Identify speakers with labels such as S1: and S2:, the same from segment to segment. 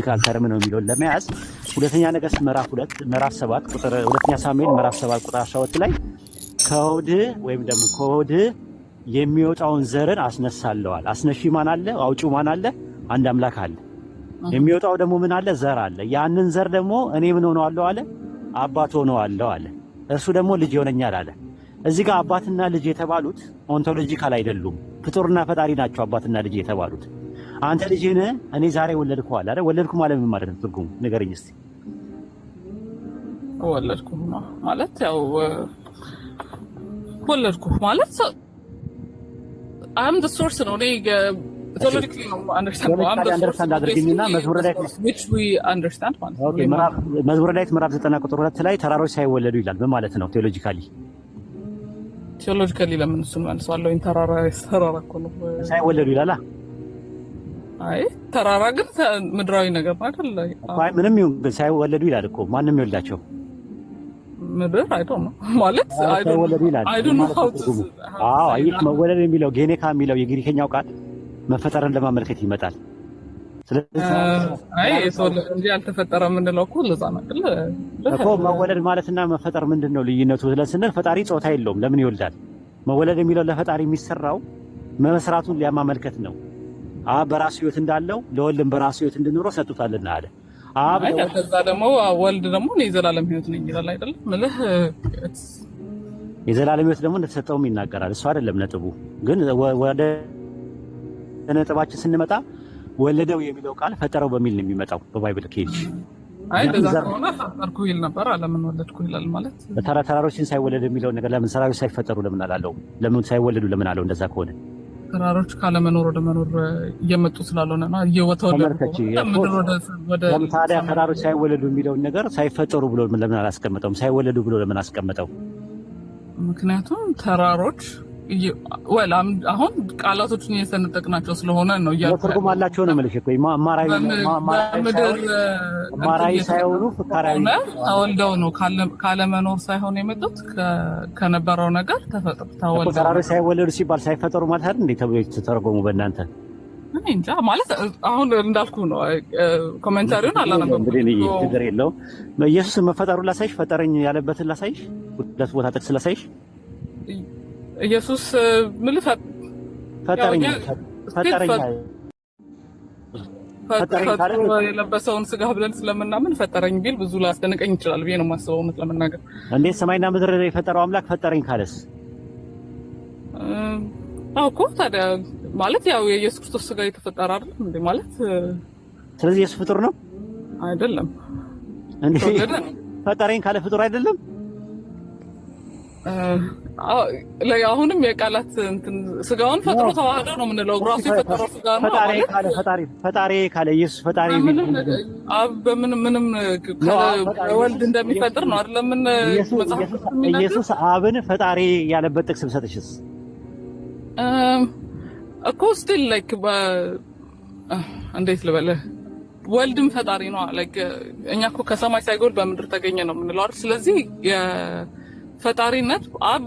S1: ቴክኒካል ተርም ነው የሚለውን ለመያዝ ሁለተኛ ነገሥት ምዕራፍ ሁለት ምዕራፍ ሰባት ቁጥር ሁለተኛ ሳሙኤል ምዕራፍ ሰባት ቁጥር አስራ ሁለት ላይ ከሆድህ ወይም ደግሞ ከሆድህ የሚወጣውን ዘርን አስነሳለዋል። አስነሺ ማን አለ? አውጪ ማን አለ? አንድ አምላክ አለ። የሚወጣው ደግሞ ምን አለ? ዘር አለ። ያንን ዘር ደግሞ እኔ ምን ሆነዋለሁ አለ? አባት ሆነዋለሁ አለ። እርሱ ደግሞ ልጅ ይሆነኛል አለ። እዚህ ጋር አባትና ልጅ የተባሉት ኦንቶሎጂካል አይደሉም። ፍጡርና ፈጣሪ ናቸው አባትና ልጅ የተባሉት አንተ ልጅ እኔ ዛሬ ወለድኩ አለ አይደል? ወለድኩ ማለት ምን ማለት ነው? ትርጉሙ ንገረኝ እስኪ።
S2: ወለድኩ ማለት ያው ወለድኩ ማለት አም ዘ ሶርስ ነው። እኔ አንደርስታንድ መዝሙረ
S1: ዳዊት ምዕራፍ ዘጠና ቁጥር ሁለት ላይ ተራሮች ሳይወለዱ ይላል በማለት ነው ቴዎሎጂካሊ
S2: ቴዎሎጂካሊ ለምን እሱን መልሰዋለሁ። ተራራ ተራራ
S1: እኮ ነው ሳይወለዱ ይላል
S2: አይ ተራራ ግን ምድራዊ ነገር
S1: አይደለ። አይ ምንም ይሁን ግን ሳይወለዱ ይላል እኮ ማንም ይወልዳቸው
S2: ምድር አይቶ ነው ማለት ሳይወለዱ ይላል።
S1: አዎ አይ መወለድ የሚለው ጌኔካ የሚለው የግሪከኛው ቃል መፈጠርን ለማመልከት ይመጣል።
S2: አይ የተወለደ እንጂ ያልተፈጠረ የምንለው እኮ
S1: ለዛ ነው እኮ። መወለድ ማለትና መፈጠር ምንድን ነው ልዩነቱ ስንል ፈጣሪ ጾታ የለውም። ለምን ይወልዳል? መወለድ የሚለው ለፈጣሪ የሚሰራው መመስራቱን ሊያማመልከት ነው። አብ በራሱ ህይወት እንዳለው ለወልድም በራሱ ህይወት እንድኖረው ሰጥቶታልና
S2: አለ። አብ ከዛ ደግሞ ወልድ ደግሞ እኔ የዘላለም ህይወት ነኝ ይላል አይደለም? ምልህ
S1: የዘላለም ህይወት ደግሞ እንደተሰጠውም ይናገራል። እሱ አይደለም ነጥቡ። ግን ወደ ነጥባችን ስንመጣ ወለደው የሚለው ቃል ፈጠረው በሚል ነው የሚመጣው በባይብል ኬጅ
S2: አይ እንደዛ ከሆነ ፈጠርኩ ይል ነበር። ለምን ወለድኩ
S1: ይላል ማለት ተራሮችን ሳይወለድ የሚለውን ነገር ለምን ሰራዊት ሳይፈጠሩ ለምን አላለው? ለምን ሳይወለዱ ለምን
S2: አለው? እንደዛ ከሆነ ተራሮች ካለመኖር ወደ መኖር እየመጡ ስላልሆነ
S1: ታዲያ ተራሮች ሳይወለዱ የሚለውን ነገር ሳይፈጠሩ ብሎ ለምን አላስቀመጠውም? ሳይወለዱ ብሎ ለምን አስቀመጠው?
S2: ምክንያቱም ተራሮች አሁን ቃላቶችን እየሰነጠቅናቸው ስለሆነ ነው።
S1: ትርጉም አላቸው ነው የምልሽ እኮ ማራዊ ሳይሆኑ
S2: ፍካራዊ ተወልደው ነው ካለመኖር ሳይሆን የመጡት ከነበረው ነገር
S1: ተወልደው ሳይወለዱ ሲባል ሳይፈጠሩ ማለት አይደል እንዴ ተብሎ ተተረጎሙ
S2: በእናንተ እንጃ ማለት አሁን እንዳልኩ ነው። ኮሜንታሪውን አላነበብኩም።
S1: ችግር የለውም። ኢየሱስ መፈጠሩን ላሳይሽ፣ ፈጠረኝ ያለበትን ላሳይሽ፣ ሁለት ቦታ ጥቅስ ላሳይሽ ኢየሱስ ምልህ
S2: ፈጠረኝ የለበሰውን ስጋ ብለን ስለምናምን ፈጠረኝ ቢል ብዙ ይችላል ብዬ ነው የማስበው። እውነት
S1: ለመናገር እንዴት ሰማይና ምድር የፈጠረው አምላክ ፈጠረኝ ካለስ?
S2: አዎ እኮ ታዲያ ማለት ያው የኢየሱስ ክርስቶስ ስጋ የተፈጠረ አይደለም እንዴ? ማለት
S1: ስለዚህ ኢየሱስ ፍጡር ነው አይደለም? እንዴ ፈጠረኝ ካለ ፍጡር አይደለም?
S2: አሁንም የቃላት ስጋውን ፈጥሮ ተዋህዶ ነው የምንለው። ራሱ የፈጠረው ስጋ ነው።
S1: ፈጣሪ ካለ ኢየሱስ
S2: ፈጣሪ በምን ምንም ወልድ እንደሚፈጥር ነው አይደለም።
S1: ምን ኢየሱስ አብን ፈጣሪ ያለበት ጥቅስ ብሰጥሽስ
S2: እኮ ስቲል ላይክ እንዴት ልበልህ ወልድም ፈጣሪ ነው። እኛ እኮ ከሰማይ ሳይጎል በምድር ተገኘ ነው የምንለው አይደል? ስለዚህ ፈጣሪነት አብ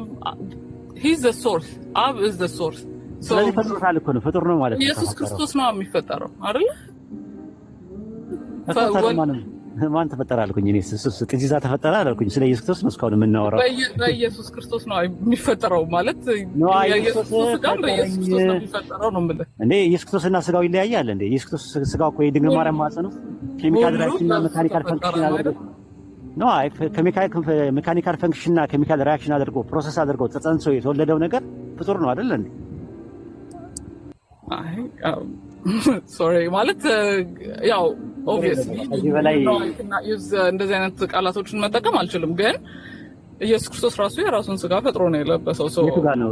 S2: ሂዝ ሶርስ አብ እዝ
S1: ሶርስ። ስለዚህ ፈጥሮታል እኮ ነው፣ ፍጡር
S2: ነው ማለት ነው። ኢየሱስ ክርስቶስ ነው የሚፈጠረው አይደል?
S1: ማን ተፈጠረ አልኩኝ እኔ። ጥንዚዛ ተፈጠረ አልኩኝ። ስለ ኢየሱስ ክርስቶስ ነው እስካሁን የምናወራው።
S2: በኢየሱስ ክርስቶስ ነው የሚፈጠረው ማለት
S1: ኢየሱስ ክርስቶስ እና ስጋው ይለያያል እንዴ? ኢየሱስ ክርስቶስ ስጋው እኮ የድንግል ማርያም ማህፀን ኬሚካል ሪያክሽን እና ሜካኒካል ፈንክሽን አድርገው ኖ ከሜካኒካል ፈንክሽንና ኬሚካል ሪያክሽን አድርጎ ፕሮሰስ አድርጎ ተጸንሶ የተወለደው ነገር ፍጡር ነው አይደል እንዴ?
S2: ሶሪ ማለት ያው ኦብቪየስሊ እንደዚህ አይነት ቃላቶችን መጠቀም አልችልም፣ ግን ኢየሱስ ክርስቶስ ራሱ የራሱን ስጋ ፈጥሮ ነው የለበሰው።
S1: የቱ ጋር ነው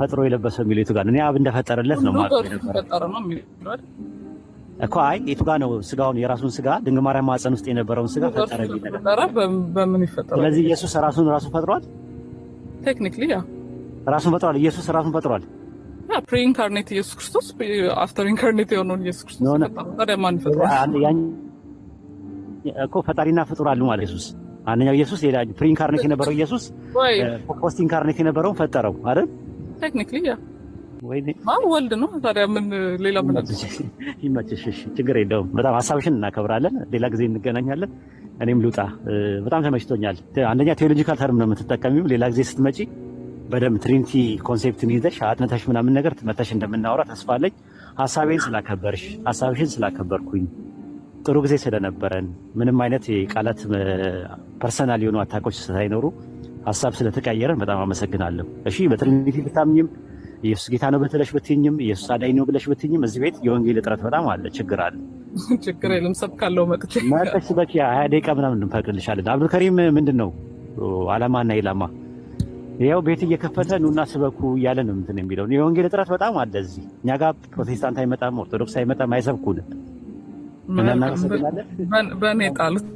S1: ፈጥሮ የለበሰው የሚለው የቱ ጋር ነው? እኔ አብ እንደፈጠረለት
S2: ነው ማለት ነው።
S1: እኮ አይ የቱ ጋ ነው ስጋውን የራሱን ስጋ ድንግ ማርያም ማፀን ውስጥ የነበረውን
S2: ስጋ ፈጠረ በምን
S1: ይፈጠራል? ስለዚህ ኢየሱስ ራሱን ራሱ ፈጥሯል። ቴክኒክሊ ራሱን ፈጥሯል። ኢየሱስ ራሱን
S2: ፈጥሯል። ፕሪኢንካርኔት ኢየሱስ ክርስቶስ አፍተር ኢንካርኔት የሆነውን ኢየሱስ ክርስቶስ ታዲያ ማን
S1: እኮ ፈጣሪና ፍጡር አሉ ማለት ኢየሱስ አንደኛው ኢየሱስ ሌላ ፕሪ ኢንካርኔት የነበረው ኢየሱስ ፖስት ኢንካርኔት የነበረውን ፈጠረው
S2: አይደል? ቴክኒክሊ ያ ወልድ ነው። ታዲያ ምን
S1: ሌላ ምን ይመችሽ። እሺ፣ ችግር የለውም። በጣም ሀሳብሽን እናከብራለን። ሌላ ጊዜ እንገናኛለን። እኔም ልውጣ፣ በጣም ተመችቶኛል። አንደኛ ቴዎሎጂካል ተርም ነው የምትጠቀሚው። ሌላ ጊዜ ስትመጪ በደንብ ትሪኒቲ ኮንሴፕትን ይዘሽ አጥንተሽ ምናምን ነገር መተሽ እንደምናወራ ተስፋ አለኝ። ሀሳቤን ስላከበርሽ ሀሳብሽን ስላከበርኩኝ ጥሩ ጊዜ ስለነበረን ምንም አይነት የቃላት ፐርሰናል የሆኑ አታቆች ሳይኖሩ ሀሳብ ስለተቀየረን በጣም አመሰግናለሁ። እሺ በትሪኒቲ ብታምኝም ኢየሱስ ጌታ ነው ብለሽ ብትይኝም ኢየሱስ አዳኝ ነው ብለሽ ብትይኝም እዚህ ቤት የወንጌል እጥረት በጣም አለ፣ ችግር አለ።
S2: ችግር የለም ሰብካለሁ። መቅት
S1: መቅስ በቂ ሀያ ደቂቃ ምናምን እንፈቅድልሻለን። አብዱልከሪም ምንድን ነው አላማና ኢላማ ያው ቤት እየከፈተ ኑና ስበኩ እያለ ነው እንትን የሚለው የወንጌል እጥረት በጣም አለ እዚህ። እኛ ጋር ፕሮቴስታንት አይመጣም፣ ኦርቶዶክስ አይመጣም፣ አይሰብኩንም።
S2: እናመሰግናለን። በእኔ ጣሉት።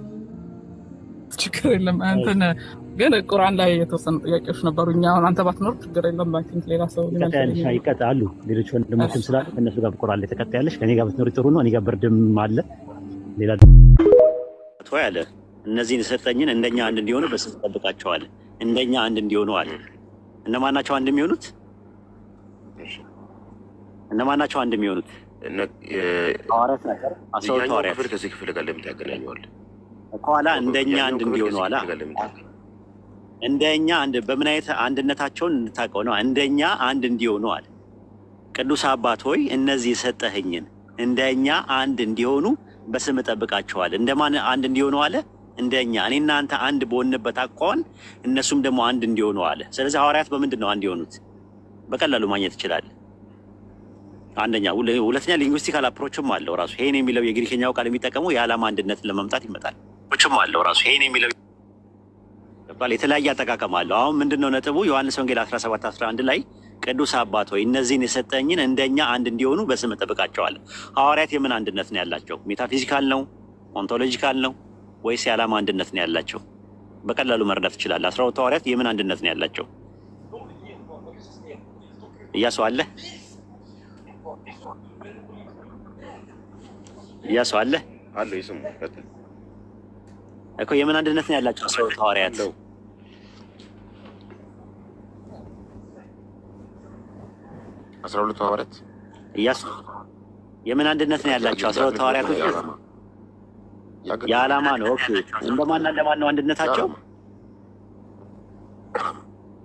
S2: ችግር የለም አንተን ግን ቁርአን ላይ የተወሰኑ ጥያቄዎች ነበሩ። እኛ አሁን አንተ ባትኖር ችግር የለም። ባንክ ሌላ ሰው ይቀጣሉ። ሌሎች ወንድሞችም ስላሉ ከእነሱ ጋር ቁርአን ላይ ተቀጣያለች። ከኔ ጋር ብትኖር ጥሩ ነው። እኔ ጋር ብርድም አለ ሌላ ያለ እነዚህን የሰጠኝን እንደኛ አንድ እንዲሆኑ በስም ጠብቃቸዋል። እንደኛ አንድ እንዲሆኑ አለ። እነማን ናቸው አንድ የሚሆኑት? እነማን ናቸው አንድ የሚሆኑት? ሐዋርያት ናቸው። አስራ ሁለቱ ሐዋርያት ከኋላ እንደኛ አንድ እንዲሆኑ አለ እንደኛ አንድ በምን አይነት አንድነታቸውን እንታቀው ነው እንደኛ አንድ እንዲሆኑ አለ። ቅዱስ አባት ሆይ እነዚህ የሰጠህኝን እንደኛ አንድ እንዲሆኑ በስም እጠብቃቸዋል። እንደማን አንድ እንዲሆኑ አለ? እንደኛ እኔ እናንተ አንድ በሆንበት አቋን እነሱም ደግሞ አንድ እንዲሆኑ አለ። ስለዚህ ሐዋርያት በምንድን ነው አንድ የሆኑት? በቀላሉ ማግኘት ይችላል። አንደኛ። ሁለተኛ ሊንግዊስቲካል አፕሮችም አለው ራሱ። ይሄን የሚለው የግሪክኛው ቃል የሚጠቀመው የዓላማ አንድነትን ለመምጣት ይመጣል ችም አለው ራሱ ይሄን የሚለው ይባል የተለያየ አጠቃቀም አለው። አሁን ምንድነው ነጥቡ? ዮሐንስ ወንጌል 17 11 ላይ ቅዱስ አባት ሆይ እነዚህን የሰጠኝን እንደኛ አንድ እንዲሆኑ በስም እጠብቃቸዋለሁ። ሐዋርያት የምን አንድነት ነው ያላቸው? ሜታፊዚካል ነው? ኦንቶሎጂካል ነው ወይስ የዓላማ አንድነት ነው ያላቸው? በቀላሉ መረዳት ይችላል። አስራ ሁለቱ ሐዋርያት የምን አንድነት ነው ያላቸው? እያሱ አለ እያሱ አለ አለ እኮ የምን አንድነት ነው ያላቸው አስራ ሁለቱ ሐዋርያት አስራ ሁለቱ ሐዋርያት እያሱ የምን አንድነት ነው ያላቸው? አስራ ሁለቱ ሐዋርያቶች የዓላማ ነው። ኦኬ እንደማና እንደማን ነው አንድነታቸው?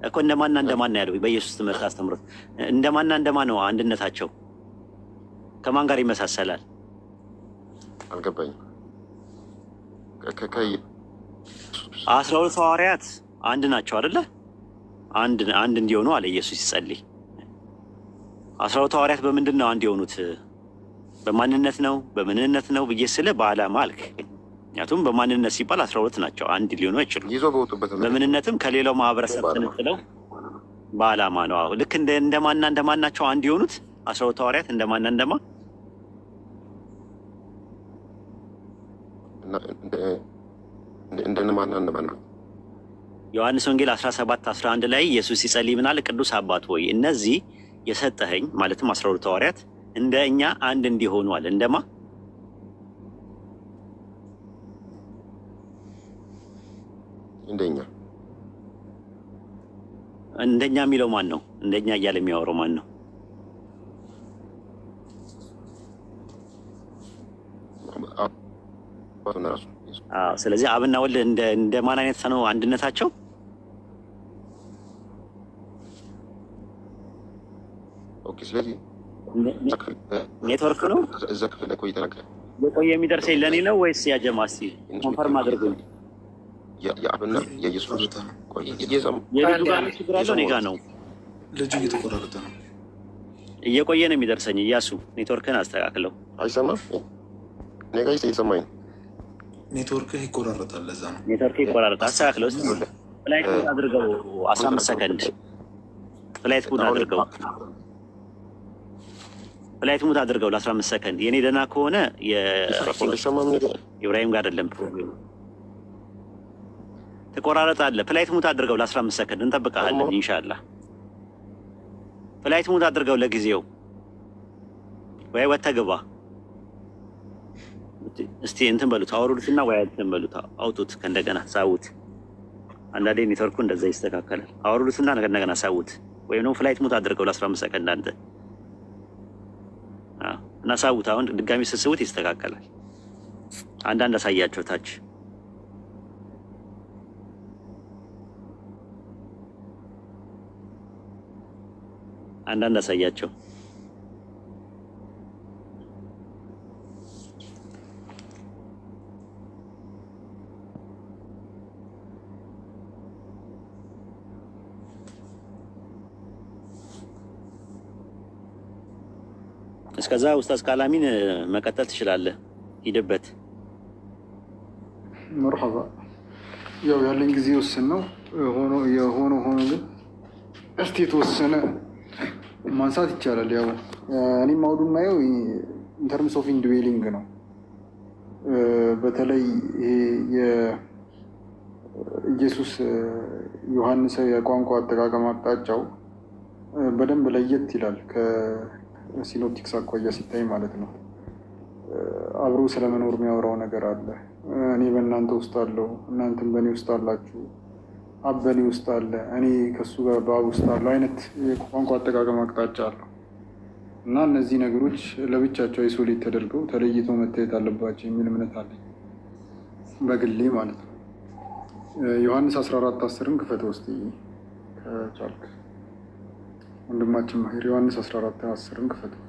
S2: እኮ እንደማና እንደማን ነው ያለው በኢየሱስ ትምህርት አስተምሮት፣ እንደማና እንደማን ነው አንድነታቸው? ከማን ጋር ይመሳሰላል? አልገባኝም። አስራ ሁለቱ ሐዋርያት አንድ ናቸው አይደለ? አንድ አንድ እንዲሆኑ አለ ኢየሱስ ይጸልይ አስራው ሐዋርያት በምንድን ነው አንድ የሆኑት? በማንነት ነው በምንነት ነው ብዬ ስለ በዓላማ አልክ። ምክንያቱም በማንነት ሲባል አስራ ሁለት ናቸው፣ አንድ ሊሆኑ አይችሉም። በምንነትም ከሌላው ማህበረሰብ ስንጥለው በዓላማ ነው። አሁን ልክ እንደማና እንደማን ናቸው አንድ የሆኑት አስራው ሁለት ሐዋርያት እንደማና እንደማ እንደማና እንደማን ዮሐንስ ወንጌል 17 11 ላይ ኢየሱስ ሲጸልይ ምናል ቅዱስ አባት ሆይ እነዚህ የሰጠኸኝ ማለትም አስራ ሁለቱ ሐዋርያት እንደ እኛ አንድ እንዲሆኑ አለ። እንደማ እንደኛ እንደኛ የሚለው ማን ነው? እንደኛ እያለ የሚያወራው ማን ነው? ስለዚህ አብና ወልድ እንደ ማን አይነት ነው አንድነታቸው? ስለዚህ ኔትወርክ ነው እዛ ክፍል ላይ ቆይተ ነገር የቆየ የሚደርሰኝ ለእኔ ነው ወይስ ያጀማ? እስኪ ኮንፈርም አድርጉኝ። የአብና የኢየሱስ የልጁ ጋር ችግር አለው። እኔ ጋ ነው ልጁ እየተቆራረጠ ነው። እየቆየ ነው የሚደርሰኝ። እያሱ ኔትወርክን አስተካክለው። አይሰማም? እኔ ጋ እየሰማኝ ነው። ኔትወርክህ ይቆራረጣል። ለዛ ነው ኔትወርክ ይቆራረጣል። አስተካክለው። ስ ፍላይት አድርገው። አስራ አምስት ሰከንድ ፍላይት አድርገው ፍላይት ሙት አድርገው ለ15 ሰከንድ። የእኔ ደህና ከሆነ የኢብራሂም ጋር አይደለም ፕሮብሌሙ። ትቆራረጣለህ። ፍላይት ሙት አድርገው ለ15 ሰከንድ እንጠብቀሃለን። ኢንሻላ ፍላይት ሙት አድርገው ለጊዜው ወይ ወጥተህ ግባ። እስቲ እንትን በሉት አወሩሉትና ወይ እንትን በሉት አውጡት፣ ከእንደገና ሳውት። አንዳንዴ ኔትወርኩ እንደዛ ይስተካከላል። አወሩልትና ከእንደገና ሳውት ወይም ደግሞ ፍላይት ሙት አድርገው ለ15 ሰከንድ አንተ እና ሳቡት። አሁን ድጋሚ ስስቡት ይስተካከላል። አንዳንድ አሳያቸው ታች አንዳንድ አሳያቸው። ከዛ ውስጥ አስካላሚን መቀጠል ትችላለህ። ሂድበት። መርሐባ። ያው ያለኝ ጊዜ ውስን ነው። የሆነ ሆኖ ግን እስቲ የተወሰነ ማንሳት ይቻላል። ያው እኔም አውዱ የማየው ኢንተርምስ ኦፍ ኢንድዌሊንግ ነው። በተለይ ኢየሱስ ዮሐንስ የቋንቋ አጠቃቀም አቅጣጫው በደንብ ለየት ይላል። ሲኖፕቲክስ አኳያ ሲታይ ማለት ነው። አብሮ ስለመኖር የሚያወራው ነገር አለ። እኔ በእናንተ ውስጥ አለው፣ እናንተም በእኔ ውስጥ አላችሁ፣ አብ በእኔ ውስጥ አለ፣ እኔ ከሱ ጋር በአብ ውስጥ አለው አይነት የቋንቋ አጠቃቀም አቅጣጫ አለው እና እነዚህ ነገሮች ለብቻቸው አይሶሌት ተደርገው ተለይቶ መታየት አለባቸው የሚል እምነት አለኝ በግሌ ማለት ነው። ዮሐንስ 14 አስርን ክፈተ ውስጥ ከቻልክ ወንድማችን ማሄር ዮሐንስ 14 10 ክፈተው።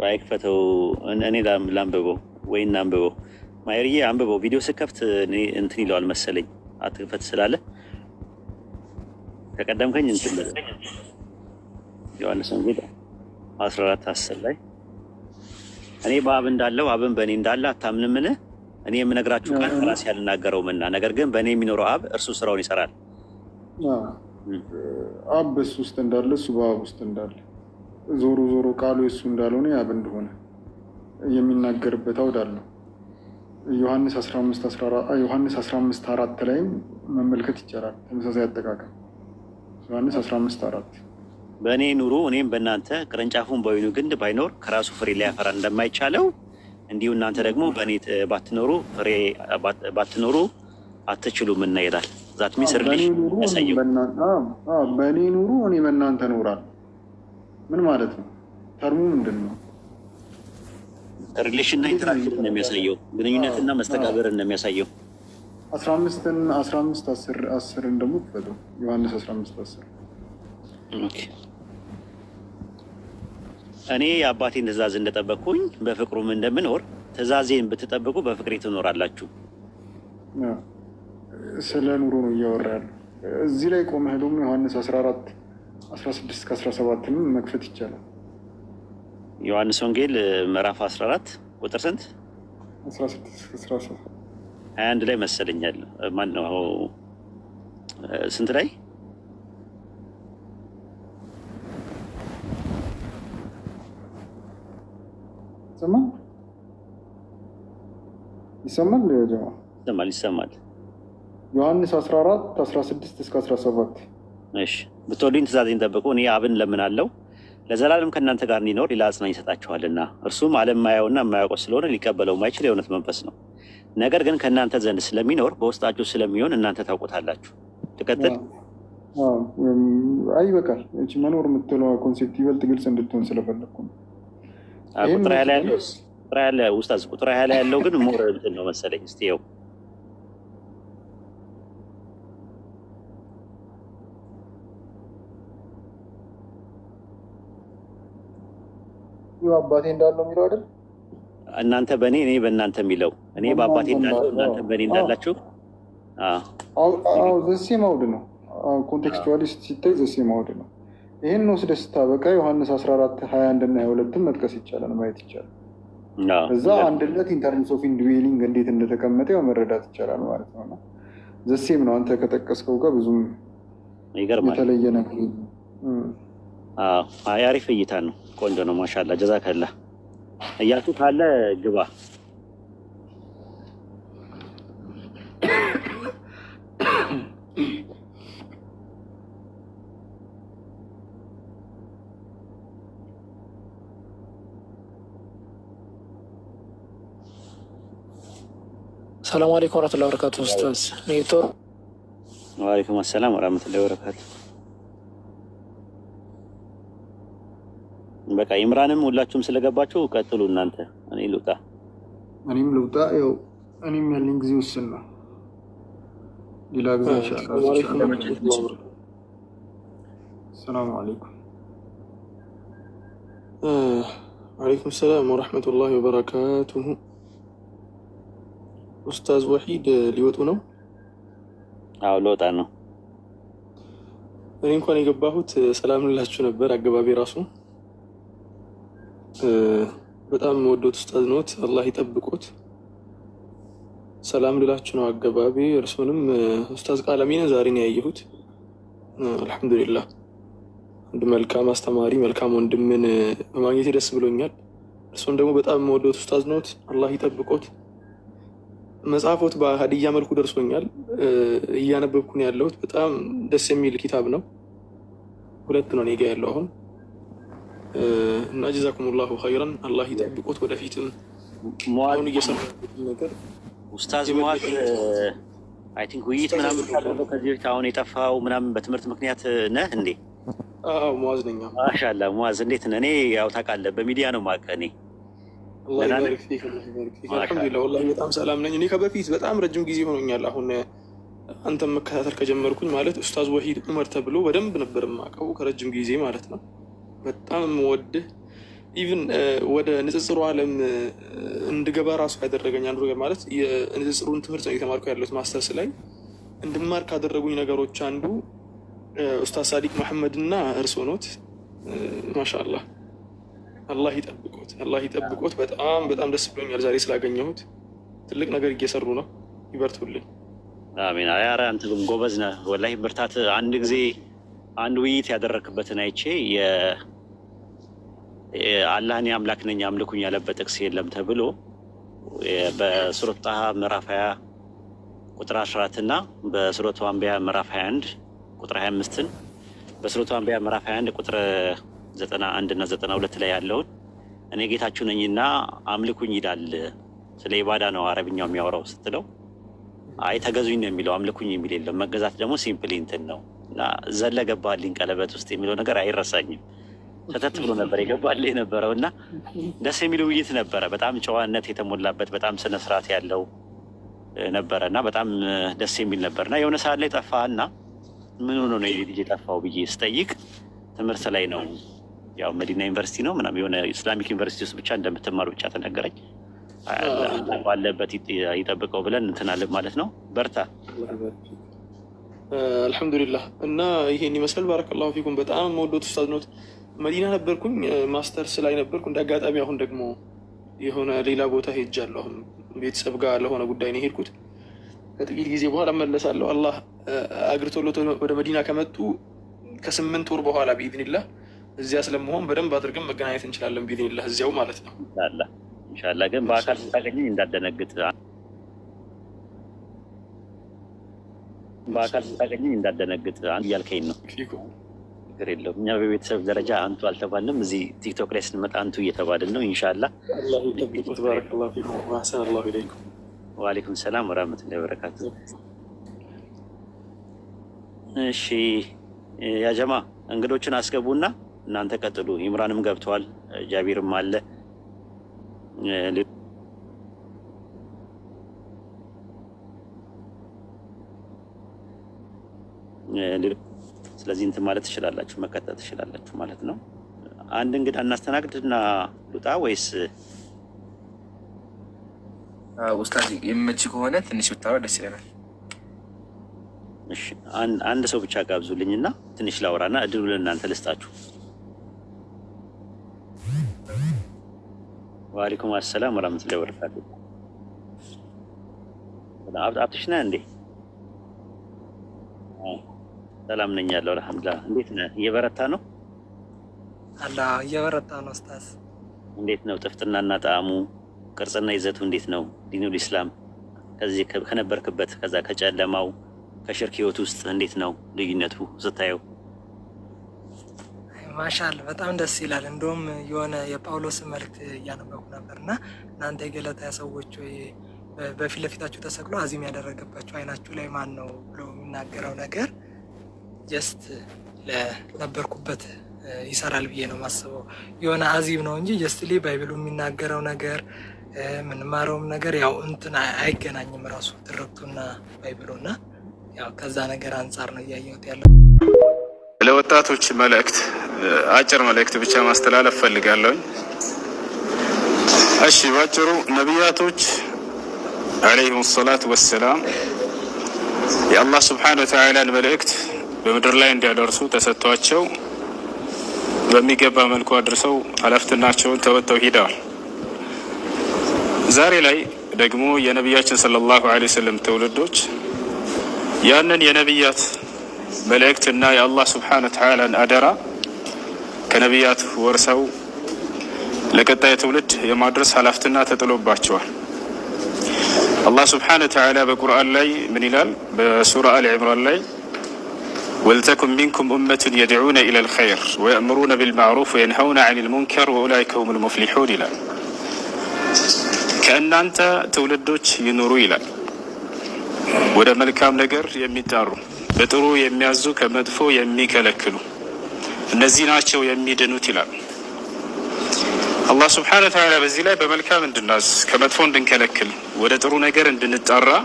S2: ወይ ክፈተው፣ እኔ ላንብበው ወይ እናንብበው። ማሄርዬ አንብበው። ቪዲዮ ስከፍት እንትን ይለዋል መሰለኝ አትክፈት ስላለ ተቀደምከኝ። እንትን ዮሐንስ ወንጌል 14 10 ላይ እኔ በአብ እንዳለው አብን በእኔ እንዳለ አታምንምን? እኔ የምነግራችሁ ቃል ከራሴ አልናገረውምና፣ ነገር ግን በእኔ የሚኖረው አብ እርሱ ስራውን ይሰራል። አብ በሱ ውስጥ እንዳለ እሱ በአብ ውስጥ እንዳለ ዞሮ ዞሮ ቃሉ የሱ እንዳልሆነ አብ እንደሆነ የሚናገርበት አውድ አለው። ዮሐንስ 15 አራት ላይም መመልከት ይቻላል። ተመሳሳይ አጠቃቀም ዮሐንስ 15 አራት በእኔ ኑሮ እኔም በእናንተ ቅርንጫፉን በወይኑ ግንድ ባይኖር ከራሱ ፍሬ ሊያፈራ እንደማይቻለው እንዲሁ እናንተ ደግሞ በእኔ ባትኖሩ ፍሬ ባትኖሩ አትችሉም እና ይላል። ዛት ሚንስ ሪሌሽን በእኔ ኑሩ እኔ በእናንተ ኖራል። ምን ማለት ነው? ተርሙ ምንድን ነው? ሪሌሽን እና ኢንተራክሽን ነው የሚያሳየው፣ ግንኙነትና መስተጋበር ነው የሚያሳየው። አስራ አምስትን አስራ አምስት አስር አስርን ደግሞ ትፈጡ ዮሐንስ አስራ አምስት አስር እኔ የአባቴን ትእዛዝ እንደጠበቅኩኝ በፍቅሩም እንደምኖር ትእዛዜን ብትጠብቁ በፍቅሬ ትኖራላችሁ። ስለ ኑሮ ነው እያወራ ያለው። እዚህ ላይ ቆመህ ደግሞ ዮሐንስ 14 16 17 መክፈት ይቻላል። ዮሐንስ ወንጌል ምዕራፍ 14 ቁጥር ስንት 21 ላይ መሰለኛል። ማነው ስንት ላይ ይሰማል? ይሰማል፣ ይሰማል ዮሐንስ 14 16 እስከ 17 እሺ ብትወዱኝ ትእዛዜን ጠብቁ እኔ አብን ለምናለው ለዘላለም ከእናንተ ጋር እንዲኖር ሌላ አጽናኝ ይሰጣችኋልና እርሱም ዓለም የማያየውና የማያውቀው ስለሆነ ሊቀበለው ማይችል የእውነት መንፈስ ነው ነገር ግን ከእናንተ ዘንድ ስለሚኖር በውስጣችሁ ስለሚሆን እናንተ ታውቁታላችሁ ትቀጥል አይ በቃ እ መኖር የምትለዋ ኮንሴፕት ይበልጥ ግልጽ እንድትሆን ስለፈለግኩ ነው ቁጥር ያለ ውስጥ ቁጥር ያለ ያለው ግን ሞር ነው መሰለኝ ስ ው አባቴ እንዳለው የሚለው አይደል? እናንተ በእኔ እኔ በእናንተ የሚለው እኔ በአባቴ እንዳለው እናንተ በእኔ እንዳላችሁ ዘሴ ማውድ ነው። ኮንቴክስቹዋሊ ሲታይ ዘሴ ማውድ ነው። ይህን ወስደ ስታበቃ ዮሐንስ 14 21 እና 22 መጥቀስ ይቻላል፣ ማየት ይቻላል። እዛ አንድነት ኢንተርምስ ኦፍ ኢንዲቪሊንግ እንዴት እንደተቀመጠ ያው መረዳት ይቻላል ማለት ነው። ዘሴም ነው አንተ ከጠቀስከው ጋር ብዙም የተለየ ነገር አሪፍ እይታ ነው። ቆንጆ ነው። ማሻላ ጀዛ ከላ እያቱ ካለ ግባ ሰላም አለይኩም ወራህመቱላሂ ወበረካቱ። ኡስታዝ ኔትወርክ። ወአለይኩም አሰላም ወራህመቱላሂ ወበረካቱ። በቃ ኢምራንም ሁላችሁም ስለገባችሁ ቀጥሉ እናንተ። እኔ ልውጣ፣ እኔም ልውጣ። ያው እኔም ያለኝ ጊዜ ውስን ነው። ሌላ ጊዜ ሰላም አለይኩም። አለይኩም ሰላም ወረሕመቱላሂ ወበረካቱሁ። ኡስታዝ ወሒድ ሊወጡ ነው? አዎ ልወጣ ነው። እኔ እንኳን የገባሁት ሰላም ልላችሁ ነበር። አገባቢ ራሱ በጣም ወዶት ውስጣዝ አዝኖት አላህ ይጠብቁት። ሰላም ልላችሁ ነው አገባቢ። እርስዎንም ኡስታዝ ቃለሚነ ዛሬ ነው ያየሁት። አልሐምዱሊላህ አንድ መልካም አስተማሪ፣ መልካም ወንድምን በማግኘት ደስ ብሎኛል። እርስዎን ደግሞ በጣም ወዶት ኡስታዝ ኖት። አላህ ይጠብቆት። መጽሐፎት በሀዲያ መልኩ ደርሶኛል። እያነበብኩ ያለሁት። በጣም ደስ የሚል ኪታብ ነው። ሁለት ነው እኔ ጋ ያለው አሁን እና ጀዛኩም ላሁ ኸይረን አላህ ይጠብቆት። ወደፊትም አሁን እየሰራ ነገር ኡስታዝ ሙዋዝ አይ ቲንክ ውይይት ምናምን ካደረገው ከዚህ በፊት አሁን የጠፋው ምናምን በትምህርት ምክንያት ነህ እንዴ? አዎ ሙዋዝ ነኝ። ማሻላ ሙዋዝ እንዴት ነህ? እኔ ያው ታውቃለህ በሚዲያ ነው የማውቅህ እኔ አልሐምዱሊላህ በጣም ሰላም ነኝ። እኔ ከበፊት በጣም ረጅም ጊዜ ሆኖኛል። አሁን አንተም መከታተል ከጀመርኩኝ ማለት ኡስታዝ ወሂድ ዑመር ተብሎ በደንብ ነበር የማውቀው ከረጅም ጊዜ ማለት ነው። በጣም ወድህ ኢቭን ወደ ንጽጽሩ ዓለም እንድገባ ራሱ ያደረገኝ አንዱ ነገር ማለት የንጽጽሩን ትምህርት ነው የተማርኩ ያለሁት ማስተርስ ላይ እንድማር ካደረጉኝ ነገሮች አንዱ ኡስታዝ ሳዲቅ መሐመድ እና እርስዎ ኖት። ማሻላ አላህ ይጠብቆት፣ አላህ ይጠብቆት። በጣም በጣም ደስ ብሎኛል ዛሬ ስላገኘሁት። ትልቅ ነገር እየሰሩ ነው። ይበርቱልን። አሜን። አያረ አንተ ግን ጎበዝ ነህ ወላሂ። ብርታት አንድ ጊዜ አንድ ውይይት ያደረክበትን አይቼ አላህን እኔ አምላክ ነኝ አምልኩኝ ያለበት ጥቅስ የለም ተብሎ በሱረቱ ጣሃ ምዕራፍ 20 ቁጥር 14 እና በሱረቱ አንቢያ ምዕራፍ 21 ቁጥር 25ን በሱረቱ አንቢያ ምዕራፍ 21 ቁጥር 91 እና 92 ላይ ያለውን እኔ ጌታችሁ ነኝና አምልኩኝ ይላል። ስለ ኢባዳ ነው አረብኛው የሚያወራው ስትለው አይ ተገዙኝ ነው የሚለው፣ አምልኩኝ የሚል የለም። መገዛት ደግሞ ሲምፕሊ እንትን ነው እና ዘለገባልኝ ቀለበት ውስጥ የሚለው ነገር አይረሳኝም። ሰተት ብሎ ነበር የገባል የነበረው እና ደስ የሚል ውይይት ነበረ። በጣም ጨዋነት የተሞላበት በጣም ስነስርዓት ያለው ነበረ እና በጣም ደስ የሚል ነበር እና የሆነ ሰዓት ላይ ጠፋህ እና ምን ሆኖ ነው ልጅ የጠፋው ብዬ ስጠይቅ ትምህርት ላይ ነው ያው መዲና ዩኒቨርሲቲ ነው ምናምን የሆነ ኢስላሚክ ዩኒቨርሲቲ ውስጥ ብቻ እንደምትማር ብቻ ተነገረኝ። ባለበት ይጠብቀው ብለን እንትናለን ማለት ነው። በርታ አልሐምዱሊላህ። እና ይሄን ይመስላል። ባረከላሁ ፊኩም። በጣም መወዶት ውስታዝ መዲና ነበርኩኝ፣ ማስተርስ ላይ ነበርኩ። እንደ አጋጣሚ አሁን ደግሞ የሆነ ሌላ ቦታ ሄጃለሁ። አሁን ቤተሰብ ጋር ለሆነ ጉዳይ ነው የሄድኩት። ከጥቂት ጊዜ በኋላ መለሳለሁ። አላህ አግርቶሎት ወደ መዲና ከመጡ ከስምንት ወር በኋላ ቢድንላ እዚያ ስለመሆን በደንብ አድርገን መገናኘት እንችላለን። ቢድንላ እዚያው ማለት ነው። ኢንሻላ ግን በአካል ስታገኘኝ እንዳደነግጥ በአካል ስታገኘኝ እንዳደነግጥ እያልከኝ ነው። ችግር የለውም። እኛ በቤተሰብ ደረጃ አንቱ አልተባልንም። እዚህ ቲክቶክ ላይ ስንመጣ አንቱ እየተባልን ነው። እንሻላ ዋሌኩም ሰላም ወራህመቱላሂ ወበረካቱ። እሺ ያጀማ እንግዶችን አስገቡና እናንተ ቀጥሉ። ኢምራንም ገብተዋል፣ ጃቢርም አለ ሌሎ ስለዚህ እንትን ማለት ትችላላችሁ፣ መቀጠል ትችላላችሁ ማለት ነው። አንድ እንግዳ እናስተናግድና ሉጣ ወይስ ኡስታዝ የምች ከሆነ ትንሽ ብታወራ ደስ ይለናል። አንድ ሰው ብቻ ጋብዙልኝ እና ትንሽ ላውራና እድሉ ለእናንተ ልስጣችሁ። ዋሊኩም አሰላም ወራህመቱላሂ ወበረካቱ። አብትሽና እንዴ ሰላም ነኝ ያለው አልሐምዱሊላህ። እንዴት ነህ? እየበረታ ነው አላ እየበረታ ነው። ኡስታዝ እንዴት ነው ጥፍጥናና ጣዕሙ ቅርጽና ይዘቱ እንዴት ነው? ዲኑል ኢስላም ከዚህ ከነበርክበት ከዛ ከጨለማው ከሽርክ ህይወት ውስጥ እንዴት ነው ልዩነቱ ስታየው? ማሻል በጣም ደስ ይላል። እንደውም የሆነ የጳውሎስ መልእክት እያነበኩ ነበር እና እናንተ የገለታ ሰዎች ወይ በፊት ለፊታችሁ ተሰቅሎ አዚም ያደረገባቸው አይናችሁ ላይ ማን ነው ብሎ የሚናገረው ነገር ጀስት ለነበርኩበት ይሰራል ብዬ ነው የማስበው። የሆነ አዚብ ነው እንጂ ጀስት ጀስትሊ ባይብሉ የሚናገረው ነገር የምንማረውም ነገር ያው እንትን አይገናኝም ራሱ ትርክቱና እና ያው ከዛ ነገር አንጻር ነው እያየሁት ያለ። ለወጣቶች መልእክት አጭር መልእክት ብቻ ማስተላለፍ ፈልጋለሁኝ። እሺ፣ ባጭሩ ነቢያቶች አለይሁም ሰላት ወሰላም የአላህ ስብሓነ ወተዓላን መልእክት በምድር ላይ እንዲያደርሱ ተሰጥቷቸው በሚገባ መልኩ አድርሰው ኃላፊነታቸውን ተወጥተው ሂደዋል። ዛሬ ላይ ደግሞ የነቢያችን ሰለላሁ ዐለይሂ ወሰለም ትውልዶች ያንን የነቢያት መልእክትና የአላህ ስብሓነሁ ወተዓላን አደራ ከነቢያት ወርሰው ለቀጣይ ትውልድ የማድረስ ኃላፊነት ተጥሎባቸዋል። አላህ ስብሓነሁ ወተዓላ በቁርአን ላይ ምን ይላል? በሱራ አል ዒምራን ላይ ولتكن منكم أمة يدعون إلى الخير ويأمرون بالمعروف وينهون عن المنكر وأولئك هم المفلحون لا كأن أنت تولدوش ينوروا إلى ودى ملكام نقر يمتار بطرو يميازو كمدفو يميكلكلو نزين عشو يميدنو تلا الله سبحانه وتعالى بزيلا بملكام عند الناس كمدفون دنكلكل ودى ترو نقر عند النتارة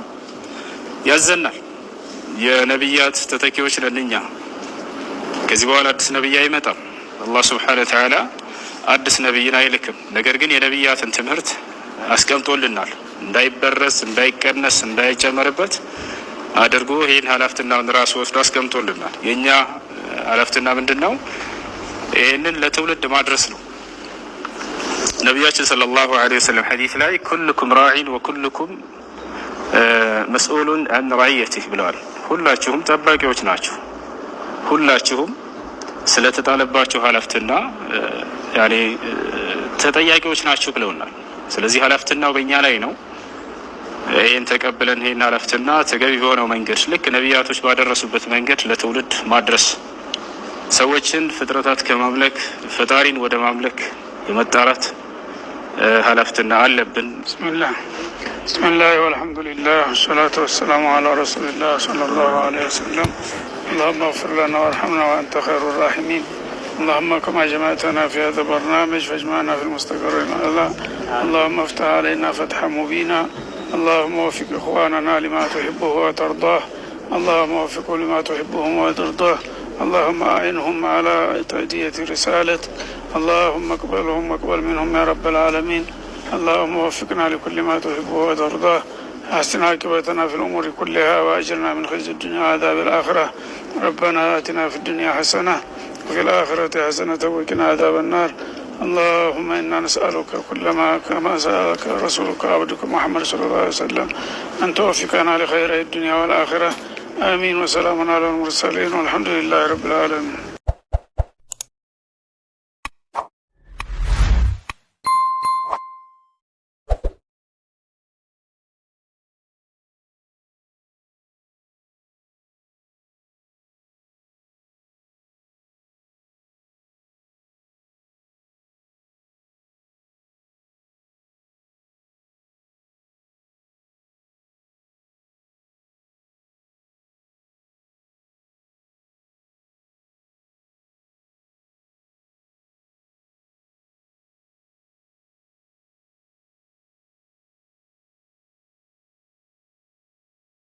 S2: يزنّا የነቢያት ተተኪዎች ነን እኛ። ከዚህ በኋላ አዲስ ነቢይ አይመጣም። አላህ ስብሓነሁ ወተዓላ አዲስ ነቢይን አይልክም። ነገር ግን የነቢያትን ትምህርት አስቀምጦልናል እንዳይበረስ፣ እንዳይቀነስ፣ እንዳይጨመርበት አድርጎ ይህን ኃላፊነቱን ራሱ ወስዶ አስቀምጦልናል። የእኛ ኃላፊነት ምንድን ነው? ይህንን ለትውልድ ማድረስ ነው። ነቢያችን ሰለላሁ ዐለይሂ ወሰለም ሐዲስ ላይ ኩልኩም ራዒን ወኩልኩም መስኡሉን አን ረዕየቲህ ብለዋል። ሁላችሁም ጠባቂዎች ናችሁ። ሁላችሁም ስለተጣለባችሁ ሀላፍትና ያኔ ተጠያቂዎች ናችሁ ብለውናል። ስለዚህ ኃላፊነታው በእኛ ላይ ነው። ይህን ተቀብለን ይህን ሀላፍትና ተገቢ በሆነው መንገድ ልክ ነቢያቶች ባደረሱበት መንገድ ለትውልድ ማድረስ ሰዎችን ፍጥረታት ከማምለክ ፈጣሪን ወደ ማምለክ የመጣራት الله አለብን። لله والصلاة والسلام على ወሰላሙ አላ صلى ሰለላሁ عليه ወሰለም اللهم اغفر لنا وارحمنا وانت خير الراحمين اللهم كما جمعتنا في هذا البرنامج فاجمعنا في المستقر مع الله اللهم افتح علينا فتحا مبينا اللهم وفق اخواننا لما تحبه وترضاه اللهم وفقه لما تحبهم وترضاه اللهم اعنهم على تأدية رسالتك اللهم اقبلهم واقبل منهم يا رب العالمين اللهم وفقنا لكل ما تحبه وترضاه أحسن عاقبتنا في الأمور كلها وأجرنا من خزي الدنيا وعذاب الآخرة ربنا آتنا في الدنيا حسنة وفي الآخرة حسنة وقنا عذاب النار اللهم إنا نسألك كل ما كما سألك رسولك عبدك محمد صلى الله عليه وسلم أن توفقنا لخير الدنيا والآخرة آمين وسلام على المرسلين والحمد لله رب العالمين